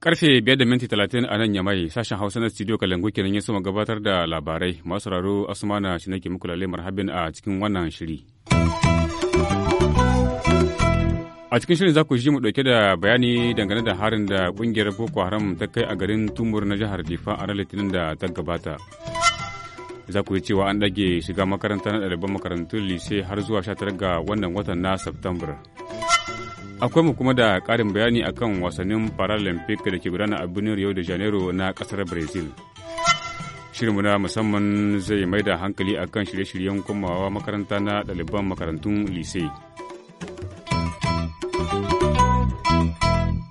Karfe biyar da minti talatin a nan Yamai, sashen Hausa na studio Kalangu kenan ya soma gabatar da labarai. Masu raro Asumana shi nake muku lalle marhabin a cikin wannan shiri. A cikin shirin za ku ji mu ɗauke da bayani dangane da harin da ƙungiyar Boko Haram ta kai a garin Tumur na jihar Difa a ranar Litinin da ta gabata. Za ku yi cewa an ɗage shiga makaranta na ɗaliban makarantun lise har zuwa 19 ga wannan watan na september Akwai mu kuma da ƙarin bayani akan wasannin Paralympic da ke gudana a birnin Rio de Janeiro na ƙasar Brazil. mu na musamman zai mai da hankali akan shirye-shiryen komawa makaranta na ɗaliban makarantun lise.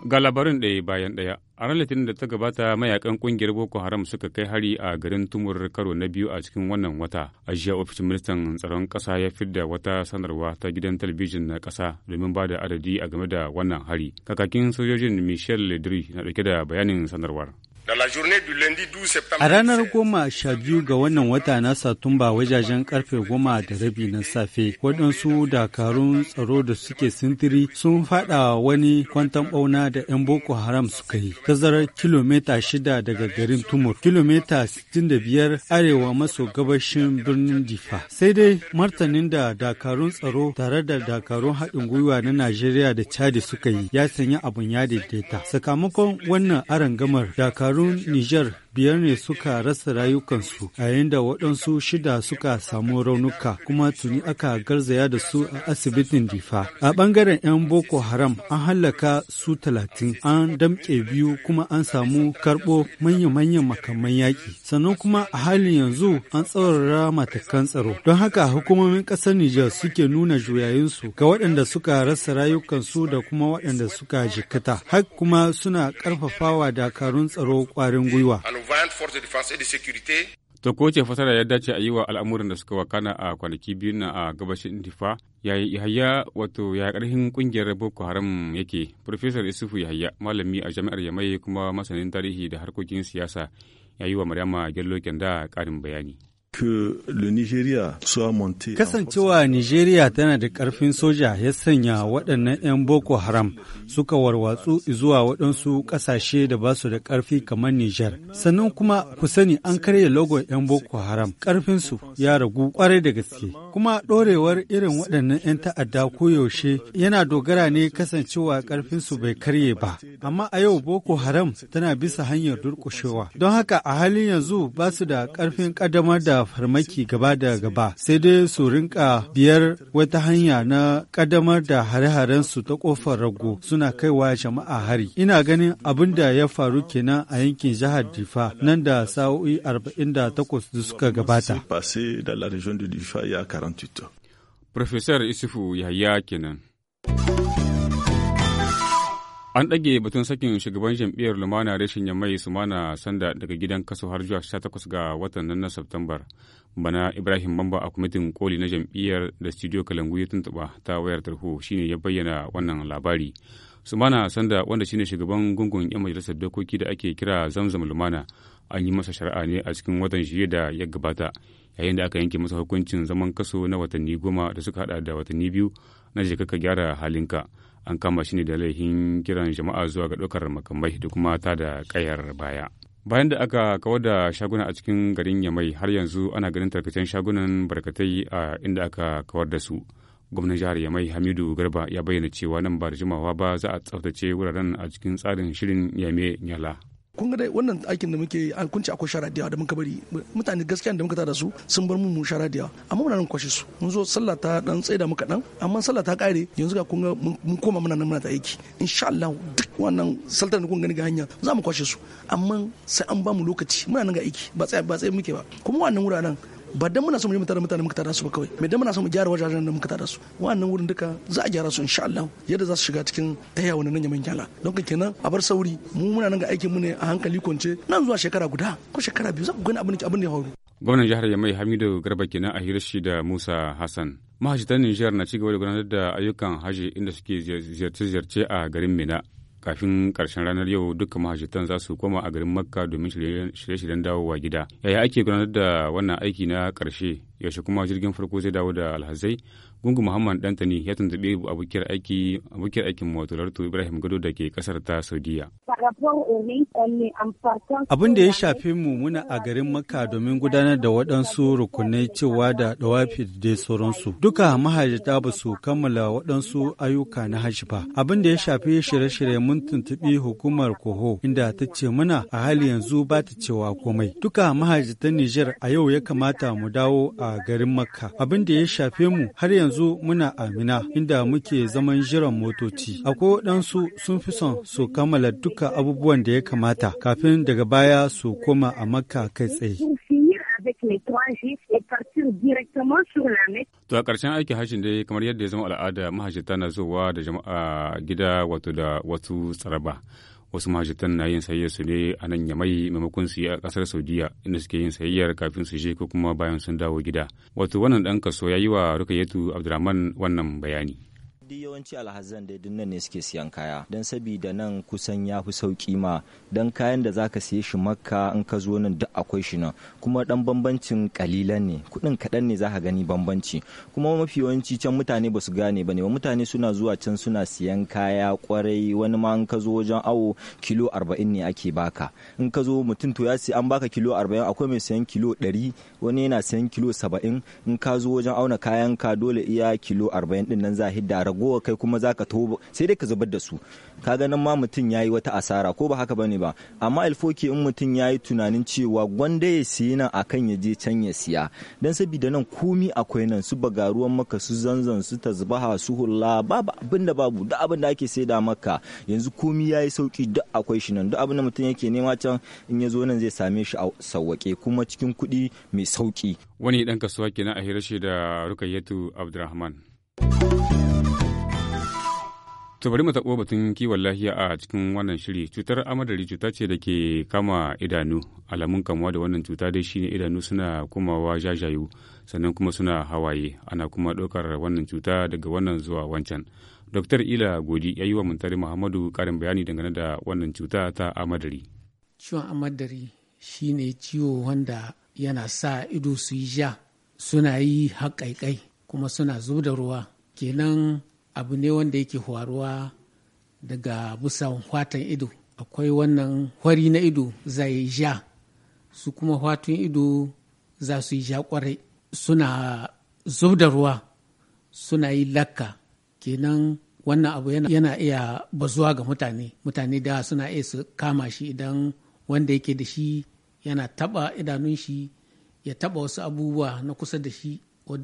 Ga labarin ɗaya bayan ɗaya, a ran Litinin da ta gabata mayakan ƙungiyar Boko Haram suka kai hari a garin Tumur karo na biyu a cikin wannan wata. A jiya ofishin ministan tsaron ƙasa ya da wata sanarwa ta gidan talabijin na ƙasa domin ba da adadi a game da wannan hari. Kakakin sojojin Michel Ledri na ɗauke da bayanin sanarwar. A ranar goma sha biyu ga wannan wata na Satumba wajajen karfe goma da rabi na safe, waɗansu dakarun tsaro da suke sintiri sun faɗa wani kwantan ɓauna da 'yan Boko Haram suka yi. Tazarar kilomita shida daga garin Tumur, kilomita 65 arewa maso gabashin birnin Difa. Sai dai martanin da dakarun tsaro tare da dakarun haɗin gwiwa na Najeriya da Chadi suka yi ya sanya abun ya daidaita. Sakamakon wannan arangamar dakarun dabarun Nijar biyar ne suka rasa rayukansu yayin da waɗansu shida suka samu raunuka kuma tuni aka garzaya da su a asibitin difa a ɓangaren 'yan boko haram an hallaka su talatin an damƙe biyu kuma an samu karɓo manya-manyan makaman yaƙi sannan kuma a halin yanzu an tsaurara matakan tsaro don haka hukumomin ƙasar Nijar suke nuna juyayinsu ga waɗanda suka rasa rayukansu da kuma waɗanda suka jikata har kuma suna ƙarfafawa dakarun tsaro ƙwarin gwiwa. vaillante force de defense et de sécurité. To ko ce fasara ya dace a yi wa al'amuran da suka wakana a kwanaki biyu na a gabashin Difa yayi Yahaya wato ya karhin kungiyar Boko Haram yake. Professor Isufu Yahaya malami a Jami'ar Yamai kuma masanin tarihi da harkokin siyasa ya yi wa Maryama Gello Kenda karin bayani. Kasancewa Nigeria tana da ƙarfin soja ya sanya waɗannan 'yan Boko Haram suka warwatsu zuwa waɗansu ƙasashe da ba su da ƙarfi kamar Nijar. Sannan kuma ku sani an karya logon 'yan Boko Haram ƙarfinsu ya ragu ƙwarai da gaske. Kuma ɗorewar irin waɗannan 'yan ta'adda koyaushe yana dogara ne kasancewa ƙarfinsu bai karye ba. Amma a yau Boko Haram tana bisa hanyar durƙushewa. Don haka a halin yanzu ba su da ƙarfin ƙaddamar da farmaki gaba da gaba sai dai su rinka biyar wata hanya na ƙaddamar da hare-haren su ta ƙofar rago suna kaiwa jama'a hari. Ina ganin abin da ya faru kenan a yankin jihar Difa nan da sa'o'i 48 da suka gabata. Profesor Isufu Yahya kenan. An ɗage batun sakin shugaban jam'iyyar Lumana reshen Yammai Sumana Sanda daga gidan kaso har zuwa 18 ga watan nan na Septambar. Bana Ibrahim Bamba a kwamitin koli na jam'iyyar da Studio Kalangu ya tuntuɓa ta wayar tarho shine ya bayyana wannan labari. Sumana Sanda wanda shine shugaban gungun 'yan majalisar dokoki da ake kira Zamzam Lumana an yi masa shari'a ne a cikin watan shiye da ya gabata yayin da aka yanke masa hukuncin zaman kaso na watanni goma da suka hada da watanni biyu na jikaka gyara halinka. an kama shi ne da laifin kiran jama'a zuwa ga ɗaukar makamai da kuma ta da ƙayar baya. Bayan da aka kawar da shaguna a cikin garin Yamai har yanzu ana ganin tarkacen shagunan barkatai a inda aka kawar da su. Gwamnan jihar Yamai Hamidu Garba ya bayyana cewa nan ba da jimawa ba za a tsaftace wuraren a cikin tsarin shirin Yame Nyala. kun ga wannan aikin da muke an kunci akwai shara da yawa da muka bari mutane gaskiya da muka tada su sun bar mu shara da yawa amma muna nan kwashe su mun zo sallah ta dan tsaida muka dan amma sallah ta kare yanzu ga kun ga mun koma muna nan muna ta aiki insha Allah duk wannan saltar da kun gani ga hanya za mu kwashe su amma sai an ba mu lokaci muna nan ga aiki ba tsaye ba tsaye muke ba kuma wannan wuraren ba dan muna so mu yi mutane mutane muka tada su ba kawai me dan muna so mu gyara wajajen da muka tada su wannan wurin duka za a gyara su insha Allah yadda za su shiga cikin taya wannan nan yaman kyala don ka kenan a bar sauri mu muna nan ga aikin mu ne a hankali kwance nan zuwa shekara guda ko shekara biyu za ku gani abin abin ne ya gwamnan jihar yamai hamidu garba kenan a hirar da musa hassan mahajjatan nijar na cigaba da gudanar da ayyukan haji inda suke ziyarce-ziyarce a garin mina kafin karshen ranar yau dukkan mahajjatan za su koma a garin makka domin shirye-shiryen dawowa gida yaya ake gudanar da wannan aiki na karshe yaushe kuma jirgin farko zai dawo da alhazai gungu muhammad dantani ya tuntuɓi abokiyar aiki abokiyar aikin ibrahim gado da ke kasar ta saudiya abin da ya shafi mu muna a garin maka domin gudanar da waɗansu rukunai cewa da dawafi da dai sauransu duka mahajjata ba su kammala waɗansu ayyuka na hajji ba abin da ya shafi shirye-shirye mun tuntuɓi hukumar koho inda ta ce muna a hali yanzu ba ta cewa komai duka mahajjatan nijar a yau ya kamata mu dawo a a garin Makka. Abin da ya shafe mu har yanzu muna Amina inda muke zaman jiran motoci. Akwai waɗansu sun fi son su kammala duka abubuwan da ya kamata kafin daga baya su koma a Makka kai tsaye. To a ƙarshen aiki hashin dai kamar yadda ya zama al'ada mahajjata na zuwa da jama'a gida wato da wasu tsaraba. wasu mahajjatan na yin sayayyar su ne a nan yamai maimakon su yi a kasar saudiya inda suke yin sayayyar kafin su je ko kuma bayan sun dawo gida wato wannan dan kaso ya yi wa rukayyatu abdulrahman wannan bayani duk yawanci alhazan da nan ne suke siyan kaya don sabida nan kusan ya fi sauki ma don kayan da zaka siye shi makka in ka zo nan duk akwai shi nan kuma dan bambancin kalilan ne kudin kaɗan ne zaka gani bambanci kuma mafi yawanci can mutane ba su gane ba ne ba mutane suna zuwa can suna siyan kaya kwarai wani ma in ka zo wajen awo kilo arba'in ne ake baka in ka zo mutum to ya siya an baka kilo arba'in akwai mai siyan kilo ɗari wani yana siyan kilo saba'in in ka zo wajen auna kayan ka dole iya kilo arba'in din nan za hidda ragowa kai kuma zaka taho sai dai ka zubar da su kaga nan ma mutum yayi wata asara ko ba haka bane ba amma alfoki in mutum ya yi tunanin cewa gwanda ya siya nan akan ya je can ya siya dan saboda nan komi akwai nan su bagaruwan maka su zanzan su tazbaha su hulla babu abin da babu duk abin da ake saida maka yanzu komi yayi sauki duk akwai shi nan duk abin da mutum yake nema can in ya zo nan zai same shi a sauwake kuma cikin kuɗi mai sauki wani dan kasuwa kenan a hirashi da rukayyatu abdurrahman To bari mu taɓo batun kiwon lafiya a cikin wannan shiri. Cutar amadari cuta ce da ke kama idanu. Alamun kamuwa da wannan cuta dai shine idanu suna kumawa jajayu sannan kuma suna hawaye. Ana kuma ɗaukar wannan cuta daga wannan zuwa wancan. Dr. Ila Godi ya yi wa Muntari Muhammadu ƙarin bayani dangane da wannan cuta ta amadari. Ciwon amadari shine ciwo wanda yana sa ido su yi ja, suna yi haƙaiƙai kuma suna zub da ruwa. Kenan abu ne wanda yake faruwa daga busan watan ido akwai wannan hwari na ido zai ja su kuma watan ido za su yi ja kwarai suna zub da ruwa suna yi lakka kenan wannan abu yana, iya bazuwa ga mutane mutane da suna iya su kama shi idan wanda yake da shi yana taba idanun shi ya taba wasu abubuwa na kusa da shi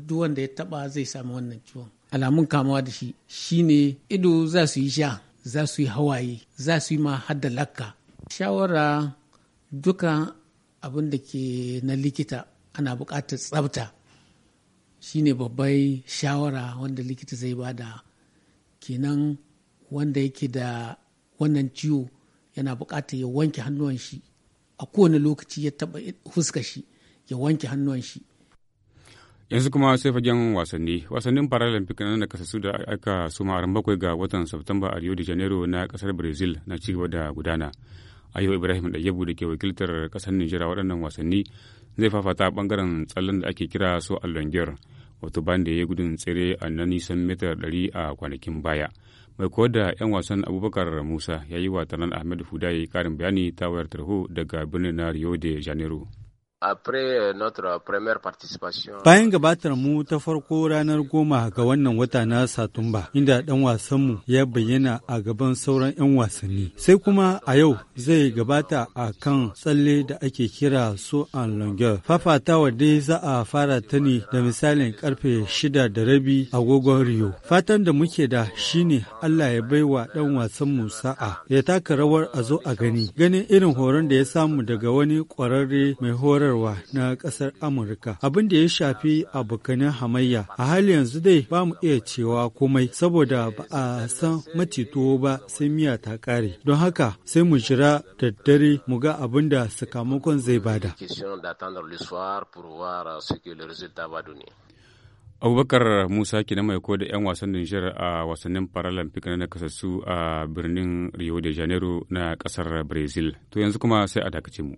wanda ya taba zai sami wannan ciwon alamun kamawa da shi shine ido za su yi sha za su yi hawaye za su yi ma hadda lakka shawara duka abin da ke na likita ana buƙatar tsabta shine babbai shawara wanda likita zai bada kenan wanda yake da wannan ciwo yana buƙatar ya wanke hannuwan shi a kowane lokaci ya taɓa fuska shi ya wanke hannuwan shi yanzu kuma sai fagen wasanni wasannin paralympic na da kasasu da aka suma ran bakwai ga watan septemba a rio de janeiro na kasar brazil na ci da gudana ayo ibrahim yabu da ke wakiltar kasar nigeria waɗannan wasanni zai fafata bangaren tsallon da ake kira so allongir wato ban da ya gudun tsere a na nisan metar ɗari a kwanakin baya mai kowa da 'yan wasan abubakar musa ya yi wa tanan ahmed huda ya yi karin bayani ta wayar tarho daga birnin na rio de janeiro Euh, euh, euh, Bayan gabatar mu ta farko ranar goma ga wannan wata na Satumba, inda ɗan wasanmu ya bayyana a gaban sauran 'yan wasanni. Sai kuma a yau zai gabata a kan tsalle da ake kira su an longer. Fafatawa dai za a fara ta ne da misalin karfe shida da rabi agogon Rio. Fatan da muke da shine Allah ya bai wa ɗan wasanmu sa'a ya taka rawar a zo a gani. Ganin irin horon da ya samu daga wani ƙwararre mai horar sadarwa na ƙasar Amurka. Abin da ya shafi abokanin hamayya a hali yanzu dai ba mu iya cewa komai saboda ba a san macito ba sai miya ta ƙare. Don haka sai mu jira da dare mu ga abin da sakamakon zai bada. abubakar musa ke na mai da 'yan wasan nijar a wasannin paralympic na kasassu a birnin rio de janeiro na kasar brazil to yanzu kuma sai a dakace mu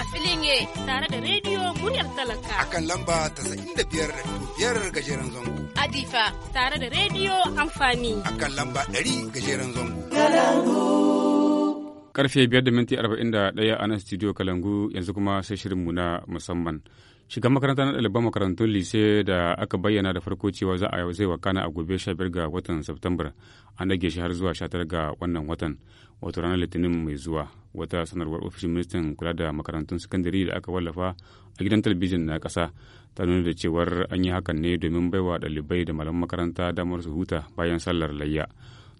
a filin ye tare da rediyo muryar talaka akan lamba ta da biyar da biyar gajeren zango adifa tare da rediyo amfani akan lamba ɗari gajeren zango karfe biyar da minti arba'in da ɗaya a nan studio kalangu yanzu kuma sai shirinmu na musamman shiga makaranta na ɗaliban makarantun lise da aka bayyana da farko cewa za a zai wakana a gobe 15 ga watan september an dage shi har zuwa 19 ga wannan watan wato ranar litinin mai zuwa wata sanarwar ofishin ministan kula da makarantun sakandare da aka wallafa a gidan talabijin na ƙasa ta nuna da cewar an yi hakan ne domin baiwa ɗalibai da malaman makaranta damar su huta bayan sallar layya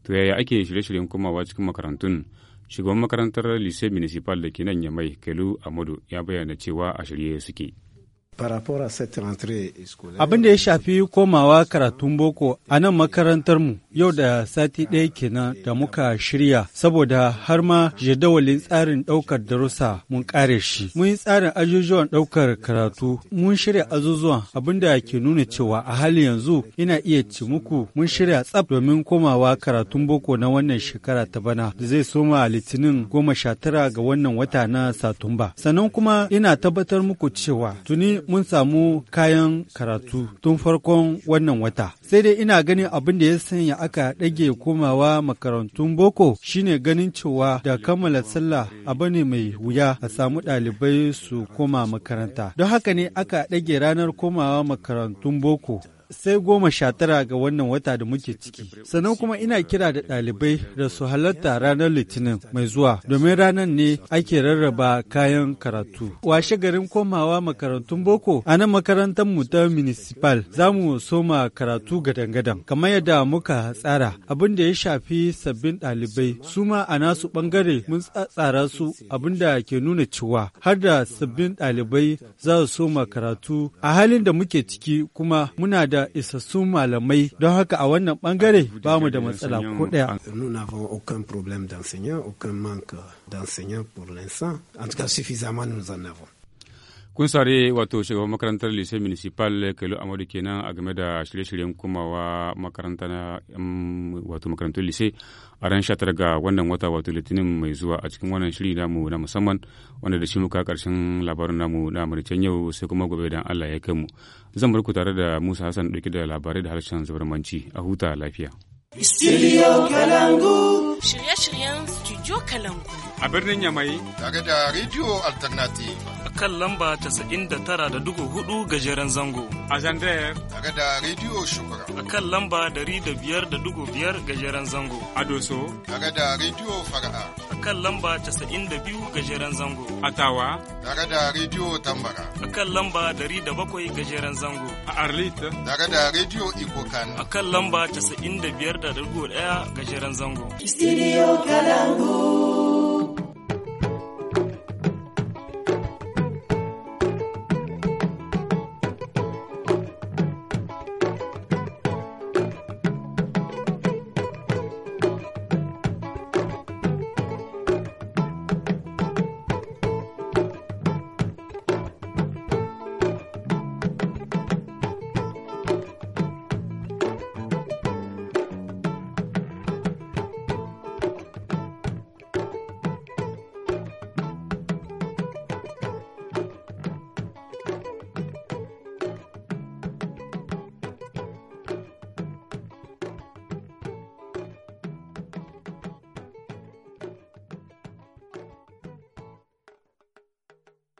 to yaya ake shirye-shiryen komawa cikin makarantun shugaban makarantar lise municipal da ke nan ya mai kelu amadu ya bayyana cewa a shirye suke Abin da ya shafi komawa karatun boko a nan makarantarmu yau da sati ɗaya kenan da muka shirya saboda har ma jadawalin tsarin ɗaukar darussa mun ƙare shi. Mun yi tsarin ajujuwan ɗaukar karatu mun shirya azuzuwan abin da ke nuna cewa a halin yanzu ina iya ci muku mun shirya tsaf domin komawa karatun boko na wannan shekara ta bana da zai soma litinin goma sha tara ga wannan wata na Satumba. Sannan kuma ina tabbatar muku cewa tuni mun samu kayan karatu tun farkon wannan wata. Sai dai ina ganin abin da ya sanya aka ɗage komawa makarantun boko shine ganin cewa da kammala sallah abu ne mai wuya a samu ɗalibai su koma makaranta. Don haka ne aka ɗage ranar komawa makarantun boko. sai goma sha tara ga wannan wata da muke ciki. Sannan kuma ina kira da ɗalibai da su halarta ranar Litinin mai zuwa domin ranar ne ake rarraba kayan karatu. Washe garin komawa makarantun boko a nan makarantar mu ta municipal za mu soma karatu gadan-gadan kamar yadda muka tsara abin da ya shafi sabbin ɗalibai su ma a nasu ɓangare mun tsara su abin da ke nuna cewa har da sabbin ɗalibai za su soma karatu a halin da muke ciki kuma muna da Nous n'avons aucun problème d'enseignants, aucun manque d'enseignants pour l'instant. En tout cas, suffisamment nous en avons. kun sare wato shugaban makarantar lise municipal kelo amadu kenan a game da shirye-shiryen kumawa makaranta makarantar lycée a ran shatar ga wannan wata wato litinin mai zuwa a cikin wannan shiri namu na musamman wanda da shi muka karshen labarin namu na maricen yau sai kuma gobe dan Allah ya kai mu zan barku tare da Musa Hassan dauke da labarai da harshen manci a huta lafiya Studio Kalangu. Shirye-shiryen Studio Kalangu. A birnin Yamai. Tare da Radio Alternative. kan lamba 99.4 gajeren zango. A Zandayar. Daga da Radio Shukura. A kan lamba 105.5 gajeren zango. A Doso. Daga da Radio Fara'a. A kan lamba 92 gajeren zango. A Tawa. Daga da Radio Tambara. A kan lamba 107 gajeren zango. A Arlit. Daga da Radio Ikokan. A kan lamba 95.1 gajeren zango. Studio Kalangu.